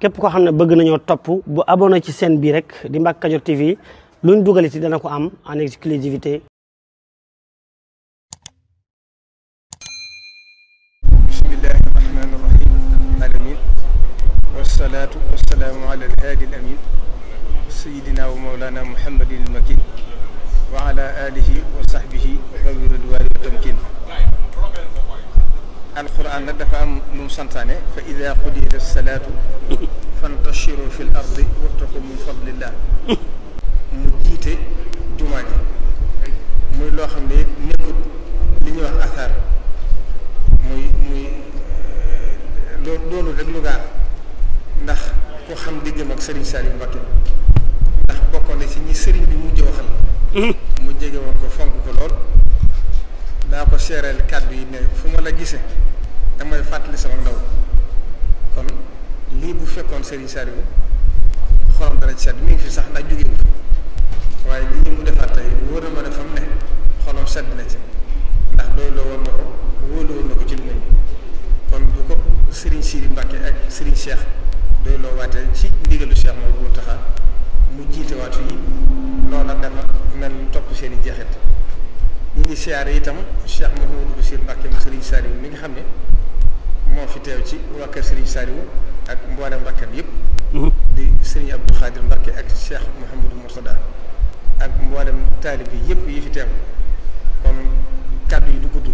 képp koo xam ne bëgg nañoo topp bu abonné ci chaîne bii rek di Mbacke Kadior TV luñ dugal ci dana ko am en exclusivité bismillahi rahmani rahim alamin wasalaatu wasalaamu ala wa mawlana muhammadin makin wa ala wa sahbihi wa rawi ridwani wa tamkin alquran nag dafa am lu mu santaane fa ida qudiyat salaatu fantashiru fi l ardi wabtaxu min fadlillah mu jiite jumaa muy loo xam ne nekkut li muy eh, loo doonul rek lu ndax ku xam diggam ak Serigne Saliou Mbacké ndax bokkoon na ci ñi Serigne bi mujj waxal hmm. mu jege woon ko fonk ko lool seereel kàddu bi ne fu ma la gisee damay fàttali sama ndaw kon lii bu fekkoon Serigne Saliou xolam dara ci sedd mi ngi fi sax ndax jóge fi waaye lii mu defaat tey wóor na ma ne ne xolam sedd na ci ndax doyloo woon na ko wóolu woon ko ci lu mel kon bu ko Serigne Sidi Mbacke ak Serigne Cheikh doyloo waatee ci ndigalu Cheikh moom bu mu taxa mu jiite waatu yi loola defar. siyaare itam Cheikh Mouhamadou Bachir Mbacké mu Serigne Saliou mi nga xam ne moo fi teew ci waa kër Serigne ak mboolem mbakkam yëpp mhm. di Serigne Abdou Khadir Mbacké ak Cheikh Mouhamadou Mourtada ak mboolem taalib yëpp yi fi teew kon kàddu yi du gudd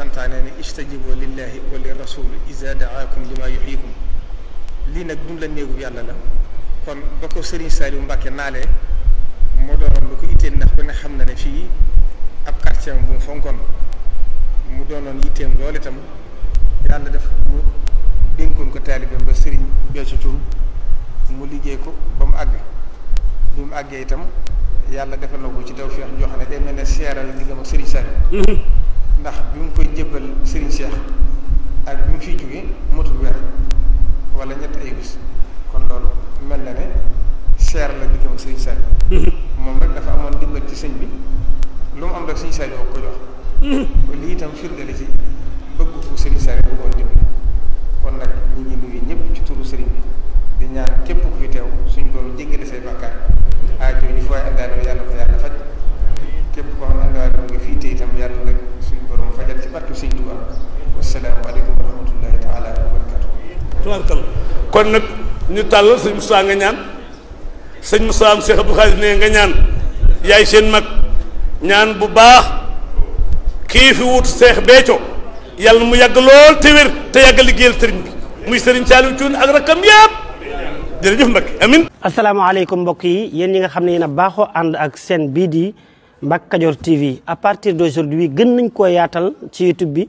santaane ne istajibu lillahi wa li rasuli iza daakum li ma lii nag dund la néegu yàlla la kon ba ko sëriñ Saliou Mbacke naalee moo doonoon lu ko itteel ndax ku ne xam na ne fii ab quartier bu mu fonkoon mu doonoon yitteem loolu itam yàlla def mu ko taalibeem ba sëriñ mu liggéey ko ba àgg bi àggee itam yàlla defal ci tawfeex joo xam ne day mel ne seeral li nga sëriñ Saliou mm-hmm. ndax bi jébbal Serigne Cheikh ak bi mu fiy jógee motul weer wala ñett ay bis kon loolu mel na ne seer la diggam Serigne Saliou moom rek dafa amoon dimbal ci sëñ bi lu mu am rek Serigne Saliou ko jox lii itam firnde ci bëgg ko Serigne Saliou bëggoon dimbal kon nag ñi ngi nuyu ñëpp ci tubaarkal kon nag ñu tàllal sëñ Moussa nga ñaan sëñ Moussa am Cheikh Abdou Khadir ne nga ñaan yaay seen mag ñaan bu baax kii fi wut Cheikh Béthio yàlla mu yàgg lool te wér te yàgg liggéeyal sëriñ bi muy sëriñ Saliou Thioune ak rakkam yëpp jërëjëf Mbacke amin asalaamaaleykum mbokk yi yéen ñi nga xam ne yéen a baaxoo ànd ak seen bii di Mbacke Kadior TV à partir d'aujourd'hui gën nañ koo yaatal ci YouTube bi